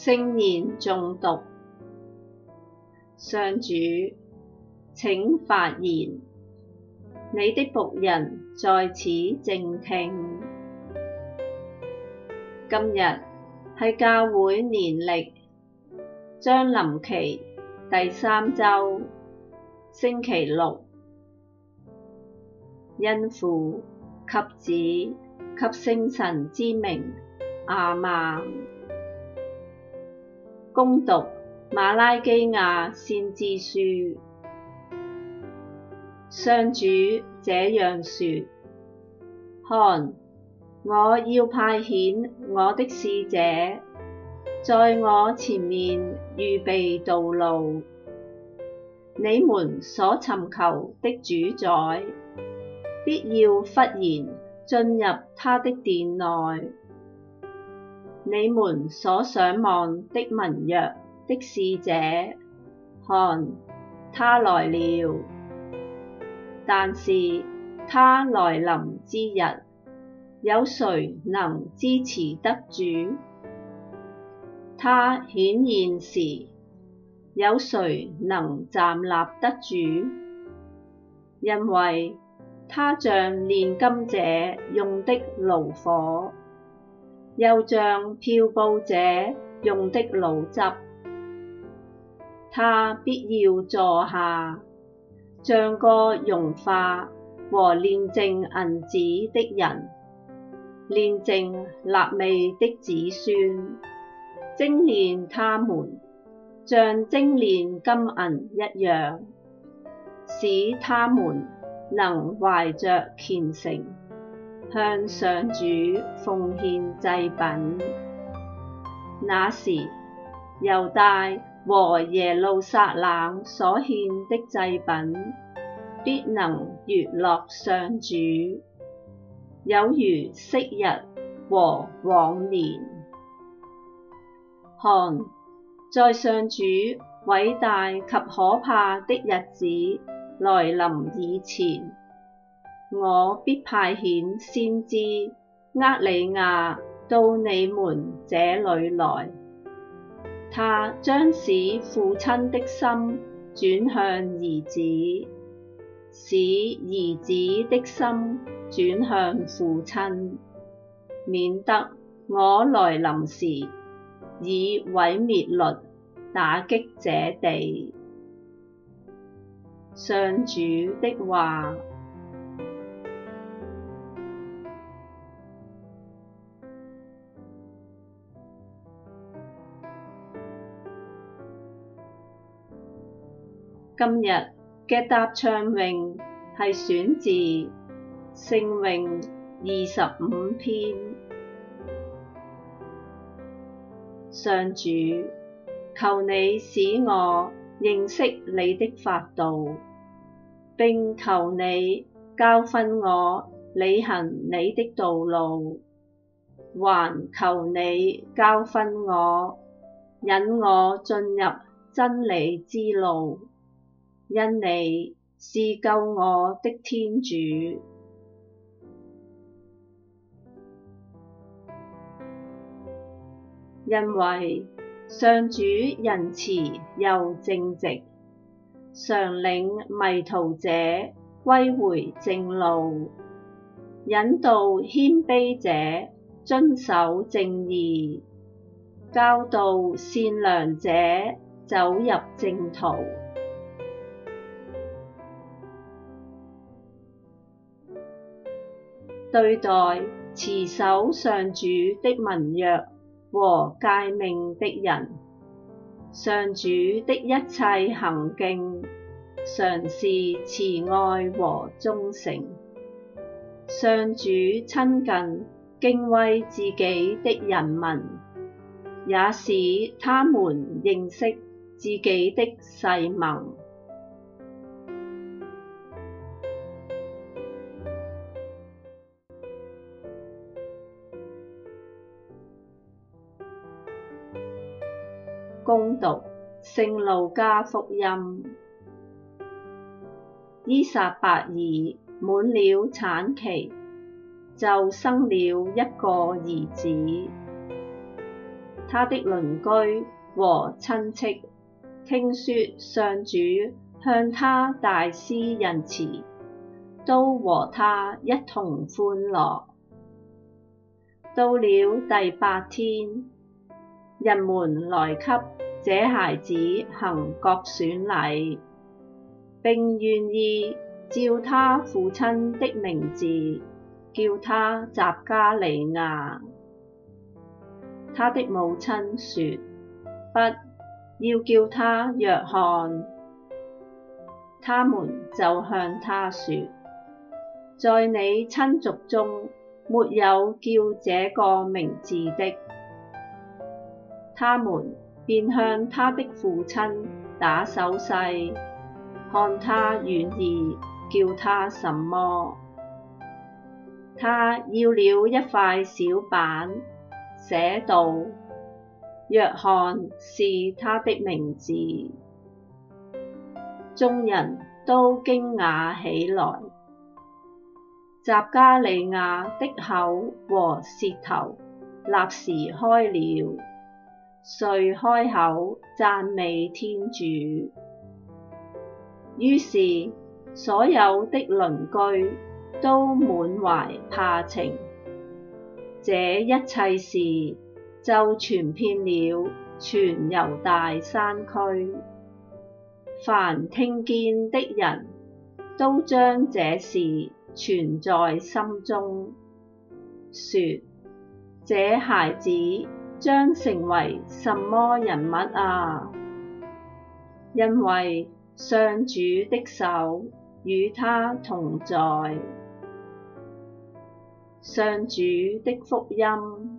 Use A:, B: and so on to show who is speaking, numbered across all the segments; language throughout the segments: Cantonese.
A: 聖言誦讀。上主，請發言，你的僕人在此靜聽。今日係教會年曆將臨期第三周，星期六。因父及子及聖神之名，阿們。恭讀《瑪拉基亞先知書》，上主這樣説：看，我要派遣我的使者，在我前面預備道路，你們所尋求的主宰必要忽然進入他的殿內。你們所想望的文約的使者，看，他來了。但是他來臨之日，有誰能支持得住？他顯現時，有誰能站立得住？因為他像煉金者用的爐火，又像漂布者用的滷汁，他必要坐下，像個溶化和煉淨銀子的人，煉淨肋未的子孫，精煉他們，像精煉金銀一樣，使他們能懷着虔誠。向上主奉獻祭品，那時，猶大和耶路撒冷所獻的祭品，必能悅樂上主，有如昔日和往年。看，在上主偉大及可怕的日子來臨以前。我必派遣先知厄里亞到你們這裏來，他將使父親的心轉向兒子，使兒子的心轉向父親，免得我來臨時以毀滅律打擊這地。上主的話。今日嘅答唱詠係選自《聖詠》二十五篇。上主，求你使我認識你的法度，並求你教訓我履行你的道路，還求你教訓我，引我進入真理之路。因你是救我的天主，因為上主仁慈又正直，常領迷途者歸回正路，引導謙卑者遵守正義，教導善良者走入正途。對待持守上主的盟約和誡命的人，上主的一切行徑常是慈愛和忠誠。上主親近敬畏自己的人民，也使他們認識自己的誓盟。恭讀《聖路加福音》伊薩白：依撒伯爾滿了產期，就生了一個兒子。他的鄰居和親戚聽說上主向他大施仁慈，都和他一同歡樂。到了第八天，人們來給這孩子行割損禮，並願意照他父親的名字叫他匝加利亞。他的母親說：不，要叫他若翰。他們就向他說：在你親族中沒有叫這個名字的。他們便向他的父親打手勢，看他願意叫他什麼。他要了一塊小板，寫道：「若翰是他的名字。」眾人都驚訝起來，匝加利亞的口和舌頭立時開了。遂開口讚美天主，於是所有的鄰居都滿懷怕情。這一切事就傳遍了全猶大山區，凡聽見的人都將這事存在心中，說：這孩子。將成為什麼人物啊？因為上主的手與他同在，上主的福音。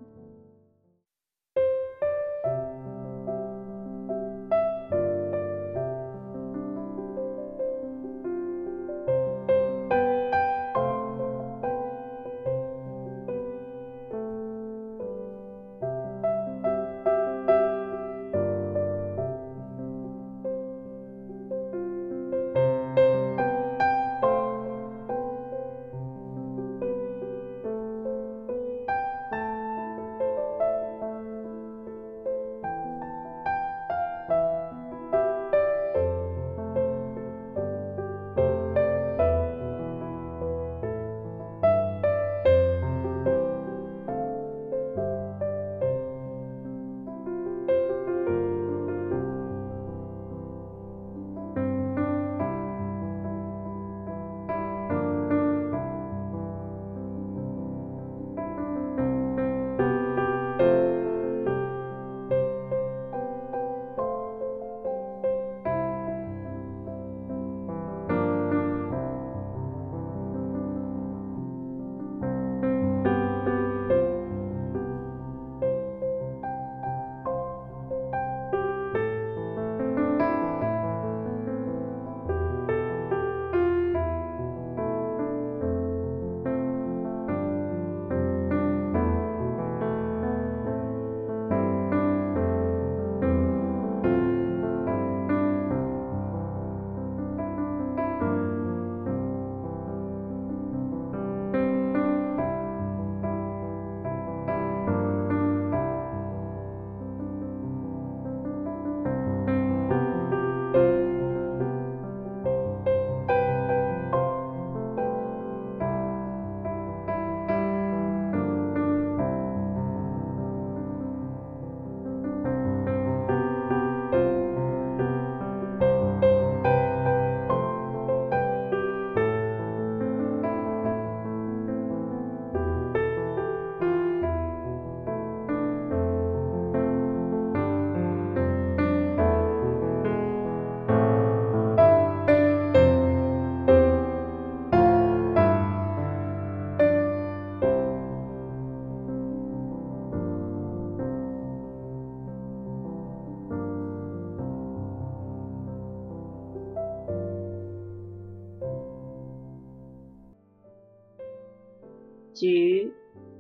A: 主，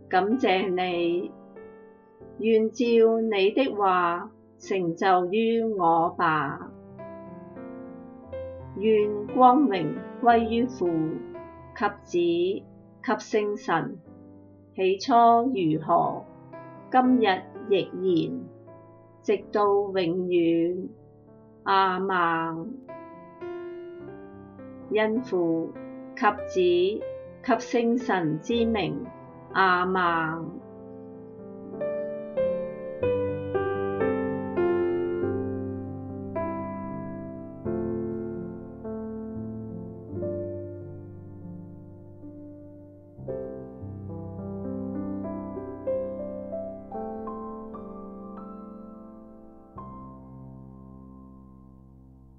A: 感謝你，願照你的話成就於我吧。願光榮歸於父及子及聖神，起初如何，今日亦然，直到永遠。阿們。因父及子。及聖神之名，阿曼。Amen.